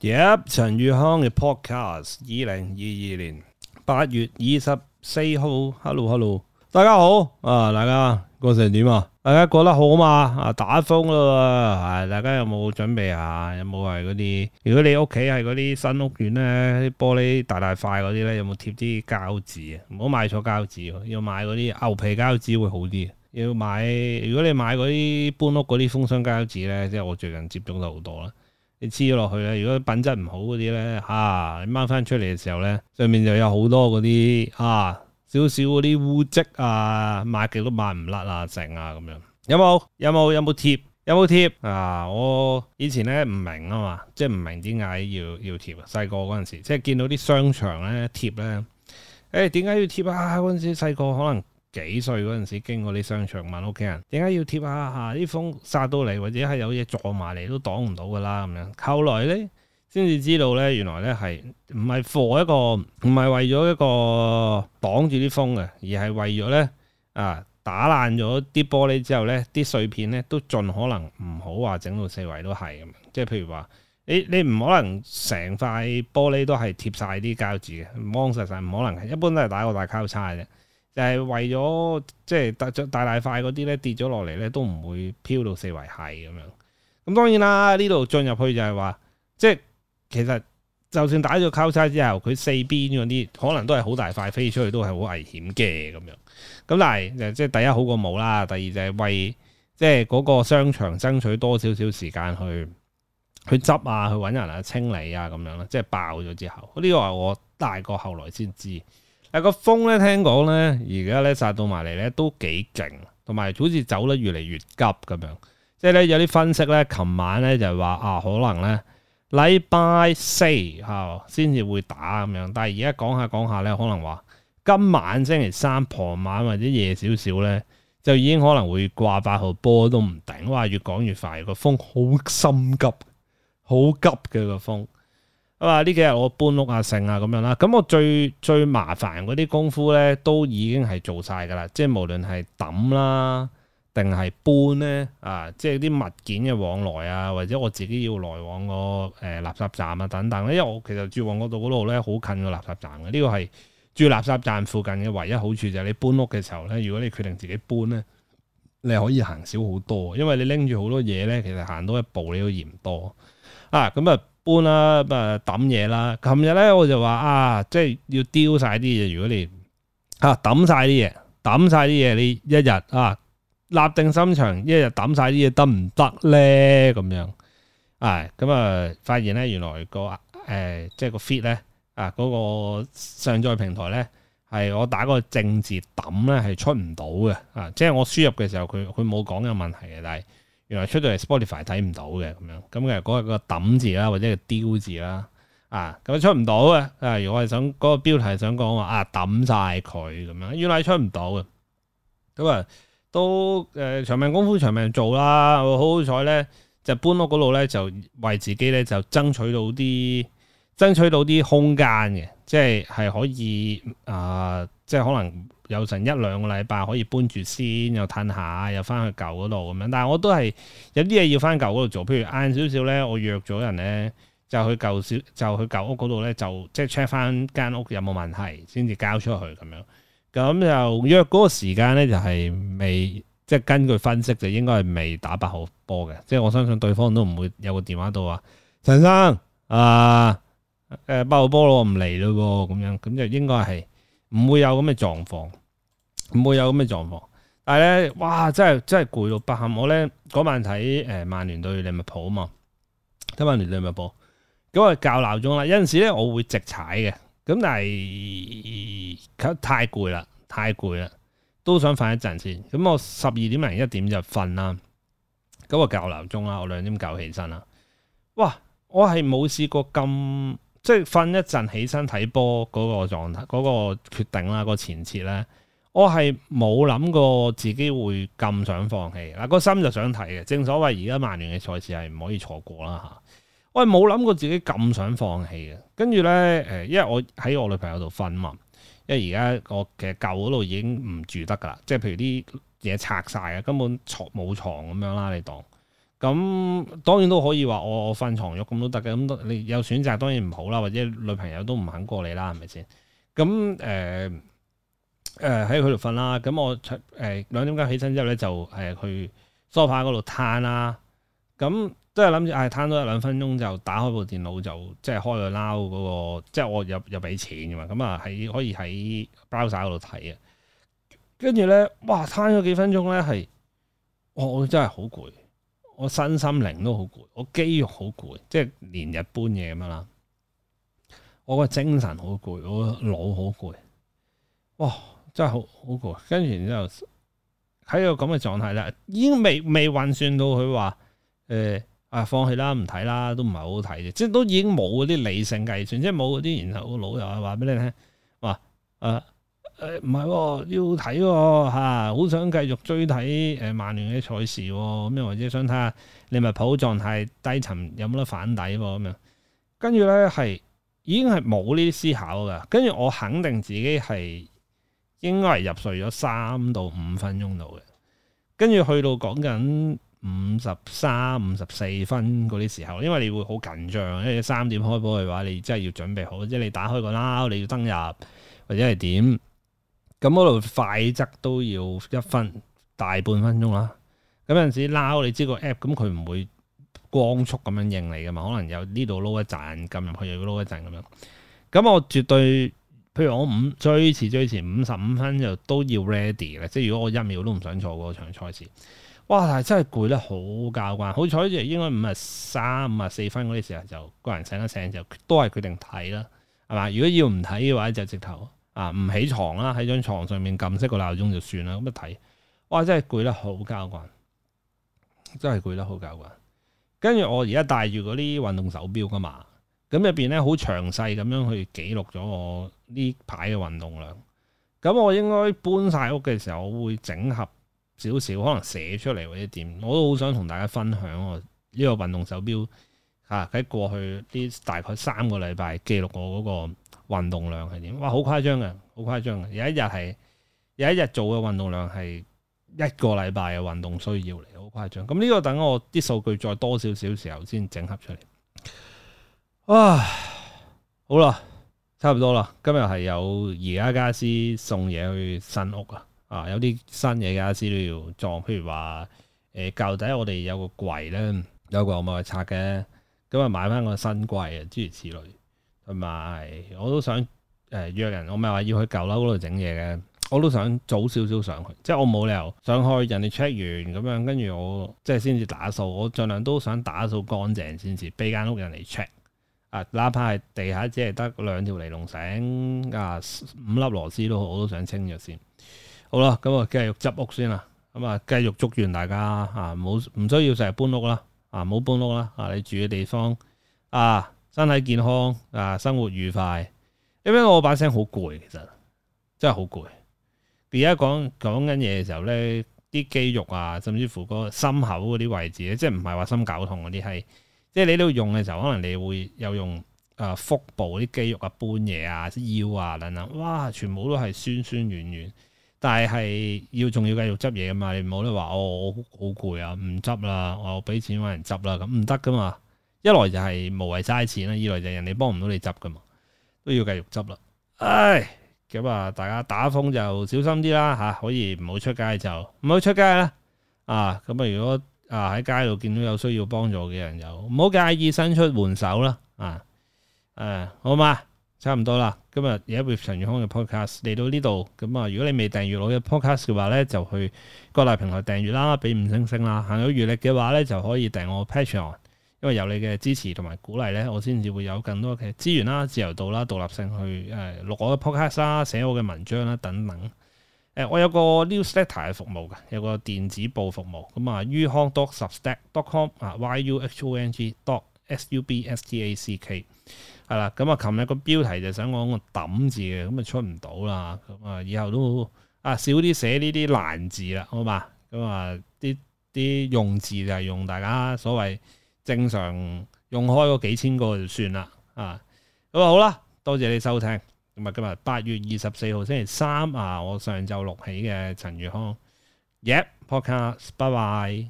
耶！陳宇康嘅 Podcast，二零二二年八月二十四號，Hello Hello，大家好啊！大家過成點啊？大家過得好嘛？啊打風啦、啊，大家有冇準備啊？有冇係嗰啲？如果你屋企係嗰啲新屋苑咧，玻璃大大塊嗰啲咧，有冇貼啲膠紙啊？唔好買錯膠紙，要買嗰啲牛皮膠紙會好啲。要買，如果你買嗰啲搬屋嗰啲封箱膠紙咧，即係我最近接觸咗好多啦。你黐咗落去咧，如果品質唔好嗰啲咧，嚇、啊、你掹翻出嚟嘅時候咧，上面就有好多嗰啲啊，少少嗰啲污跡啊，抹極都抹唔甩啊，剩啊咁樣，有冇？有冇？有冇貼？有冇貼啊？我以前咧唔明啊嘛，即係唔明點解要要貼。細個嗰陣時、時，即係見到啲商場咧貼咧，誒點解要貼啊？嗰陣時細個可能。幾歲嗰陣時，經過啲商場問屋企人，點解要貼下下啲、啊、風殺到你，或者係有嘢撞埋你都擋唔到㗎啦咁樣。後來咧，先至知道咧，原來咧係唔係 for 一個，唔係為咗一個擋住啲風嘅，而係為咗咧啊打爛咗啲玻璃之後咧，啲碎片咧都盡可能唔好話整到四圍都係咁。即係譬如話，你你唔可能成塊玻璃都係貼晒啲膠紙嘅，光實實唔可能，可能一般都係打個大交叉嘅啫。就係為咗即係大大大塊嗰啲咧跌咗落嚟咧，都唔會飄到四圍係咁樣。咁當然啦，呢度進入去就係話，即係其實就算打咗交叉之後，佢四邊嗰啲可能都係好大塊飛出去，都係好危險嘅咁樣。咁但係就即係第一好過冇啦，第二就係為即係嗰個商場爭取多少少時間去去執啊，去揾人啊清理啊咁樣啦。即係爆咗之後，呢個係我大個後來先知。嗱個風咧，聽講咧，而家咧殺到埋嚟咧都幾勁，同埋好似走得越嚟越急咁樣。即係咧有啲分析咧，琴晚咧就話啊，可能咧禮拜四後先至會打咁樣，但係而家講下講下咧，可能話今晚星期三傍晚或者夜少少咧，就已經可能會掛八號波都唔定。哇！越講越快，個風好心急，好急嘅個風。啊，呢幾日我搬屋啊、剩啊咁樣啦，咁我最最麻煩嗰啲功夫咧，都已經係做晒噶啦。即係無論係抌啦，定係搬咧，啊，即係啲物件嘅往來啊，或者我自己要來往個誒、呃、垃圾站啊等等咧。因為我其實住旺角道嗰度咧，好近個垃圾站嘅。呢、這個係住垃圾站附近嘅唯一好處就係你搬屋嘅時候咧，如果你決定自己搬咧，你可以行少好多，因為你拎住好多嘢咧，其實行多一步你都嫌多啊。咁、嗯、啊～、嗯搬啦，咁啊抌嘢啦。琴日咧我就話啊，即係要丟晒啲嘢。如果你嚇抌晒啲嘢，抌晒啲嘢，你一日啊，立定心腸，一日抌晒啲嘢得唔得咧？咁樣啊，咁、嗯、啊發現咧，原來、個誒、呃、即係個 fit 咧啊，嗰、個上載平台咧係我打個正字抌咧係出唔到嘅啊，即係我輸入嘅時候佢佢冇講有問題嘅，但係。原來出到嚟 Spotify 睇唔到嘅咁樣，咁其實嗰個、那個抌字啦，或者個丟字啦，啊咁出唔到嘅。啊，如果係想嗰、那個標題想講話啊抌曬佢咁樣，原來出唔到嘅。咁啊都誒、呃、長命功夫長命做啦。好好彩咧，就搬屋嗰度咧，就為自己咧就爭取到啲爭取到啲空間嘅，即係係可以啊、呃，即係可能。有成一兩個禮拜可以搬住先，又褪下，又翻去舊嗰度咁樣。但係我都係有啲嘢要翻舊嗰度做，譬如晏少少咧，我約咗人咧，就去舊小，就去舊屋嗰度咧，就即係 check 翻間屋有冇問題先至交出去咁樣。咁就約嗰個時間咧，就係未，即係根據分析就應該係未打八號波嘅，即係我相信對方都唔會有個電話到話陳生啊，誒八號波囉我唔嚟啦喎咁樣，咁就應該係。唔會有咁嘅狀況，唔會有咁嘅狀況。但係咧，哇！真係真係攰到不堪。我咧嗰晚睇誒、呃、曼聯對利物浦啊嘛，睇曼聯對利物浦。咁我校鬧鐘啦。有陣時咧，我會直踩嘅。咁但係太攰啦，太攰啦，都想瞓一陣先。咁我十二點零一點就瞓啦。咁我校鬧鐘啦，我兩點校起身啦。哇！我係冇試過咁。即係瞓一陣起身睇波嗰個狀態、嗰、嗰個決定啦、嗰個前設咧，我係冇諗過自己會咁想放棄。嗱、嗰，個心就想睇嘅，正所謂而家曼聯嘅賽事係唔可以錯過啦吓，我係冇諗過自己咁想放棄嘅。跟住咧，誒，因為我喺我女朋友度瞓嘛，因為而家我其實舊嗰度已經唔住得噶啦，即係譬如啲嘢拆晒啊，根本床冇床咁樣啦，你當。咁當然都可以話我我瞓床喐咁都得嘅，咁你有選擇當然唔好啦，或者女朋友都唔肯過嚟啦，係咪先？咁誒誒喺佢度瞓啦。咁、呃呃、我出誒、呃、兩點幾起身之後咧，就誒、呃、去梳化嗰度攤啦。咁都係諗住嗌攤多一兩分鐘就打開部電腦就即係開個撈嗰個，即、就、係、是、我又又俾錢嘅嘛。咁啊喺可以喺 browser 嗰度睇嘅。跟住咧，哇攤咗幾分鐘咧係，我真係好攰。我身心靈都好攰，我肌肉好攰，即係連日搬嘢咁樣啦。我個精神好攰，我個腦好攰，哇，真係好好攰。跟住然之後喺個咁嘅狀態啦，已經未未運算到佢話誒啊，放棄啦，唔睇啦，都唔係好睇嘅，即係都已經冇嗰啲理性計算，即係冇嗰啲然後個腦又係話俾你聽，話誒。呃誒唔係喎，要睇喎，好想繼續追睇誒、呃、曼聯嘅賽事喎、哦，咁樣或者想睇下利物浦狀態低沉、哦，有冇得反底喎咁樣。跟住咧係已經係冇呢啲思考嘅。跟住我肯定自己係應該係入睡咗三到五分鐘度嘅。跟住去到講緊五十三、五十四分嗰啲時候，因為你會好緊張，因為三點開波嘅話，你真係要準備好，即係你打開個 Now，你要登入或者係點。咁嗰度快則都要一分大半分鐘啦。咁有陣時撈你知個 app，咁佢唔會光速咁樣應你㗎嘛。可能有呢度撈一陣，撳入去又要撈一陣咁樣。咁我絕對，譬如我五最遲最遲五十五分就都要 ready 喇。即係如果我一秒都唔想錯嗰場賽事，哇！但係真係攰得好交關。好彩就應該五啊三、五啊四分嗰啲時候就個人醒一醒就都係決定睇啦，係嘛？如果要唔睇嘅話就直頭。啊，唔起床啦，喺張床上面撳熄個鬧鐘就算啦。咁一睇，哇，真係攰得好交關，真係攰得好交關。跟住我而家戴住嗰啲運動手錶噶嘛，咁入邊咧好詳細咁樣去記錄咗我呢排嘅運動量。咁我應該搬晒屋嘅時候，我會整合少少，可能寫出嚟或者點，我都好想同大家分享我呢個運動手錶。啊！喺過去啲大概三個禮拜記錄我嗰個運動量係點？哇！好誇張嘅，好誇張嘅。有一日係有一日做嘅運動量係一個禮拜嘅運動需要嚟，好誇張。咁呢個等我啲數據再多少少時候先整合出嚟。哇！好啦，差唔多啦。今日係有宜家家私送嘢去新屋啊！啊，有啲新嘢家私都要裝，譬如話誒，舊、欸、底我哋有個櫃咧，有個我冇去拆嘅。因為買翻個新櫃啊，諸如此類，同埋我都想誒約人，我咪係話要去舊樓嗰度整嘢嘅，我都想早少少上去，即係我冇理由上去人哋 check 完咁樣，跟住我即係先至打掃，我盡量都想打掃乾淨先至，畀間屋人嚟 check 啊，哪怕係地下只係得兩條尼龍繩啊，五粒螺絲都好。我都想清咗先。好啦，咁啊繼續執屋先啦，咁啊繼續祝願大家啊，冇、啊、唔需要成日搬屋啦。啊，唔好搬屋啦！啊，你住嘅地方，啊，身體健康，啊，生活愉快。因為我把聲好攰，其實真係好攰。而家講講緊嘢嘅時候咧，啲肌肉啊，甚至乎個心口嗰啲位置咧，即係唔係話心絞痛嗰啲，係即係你都要用嘅時候，可能你會有用誒、啊、腹部啲肌肉啊搬嘢啊、腰啊等等，哇，全部都係酸酸軟軟。但係要仲要繼續執嘢嘅嘛。你唔好咧話哦，我好攰啊，唔執啦，我俾錢揾人執啦，咁唔得㗎嘛。一來就係無謂嘥錢啦，二來就人哋幫唔到你執㗎嘛，都要繼續執啦。唉，咁啊，大家打風就小心啲啦吓，可以唔好出街就唔好出街啦。啊，咁啊，如果啊喺街度見到有需要幫助嘅人就，就唔好介意伸出援手啦。啊，誒、啊、好嘛？差唔多啦，今日有一會陳宇康嘅 podcast 嚟到呢度，咁啊如果你未訂閲我嘅 podcast 嘅話咧，就去各大平台訂閲啦，俾五星星啦，行有餘力嘅話咧，就可以訂我 Patreon 因為有你嘅支持同埋鼓勵咧，我先至會有更多嘅資源啦、自由度啦、獨立性去誒錄我嘅 podcast 啦、寫我嘅文章啦等等。誒、呃，我有個 newsletter 嘅服務嘅，有個電子報服務，咁、呃、啊於康多 substack.com 啊 y u h o n g dot s u b s t a c k 係啦，咁啊、嗯，琴日個標題就想講個抌字嘅，咁啊出唔到啦，咁啊以後都啊少啲寫呢啲難字啦，好嘛？咁、嗯、啊啲啲用字就係用大家所謂正常用開嗰幾千個就算啦，啊咁啊、嗯、好啦，多謝你收聽，咁啊今日八月二十四號星期三啊，我上晝六起嘅陳宇康，Yep、yeah, podcast，拜拜。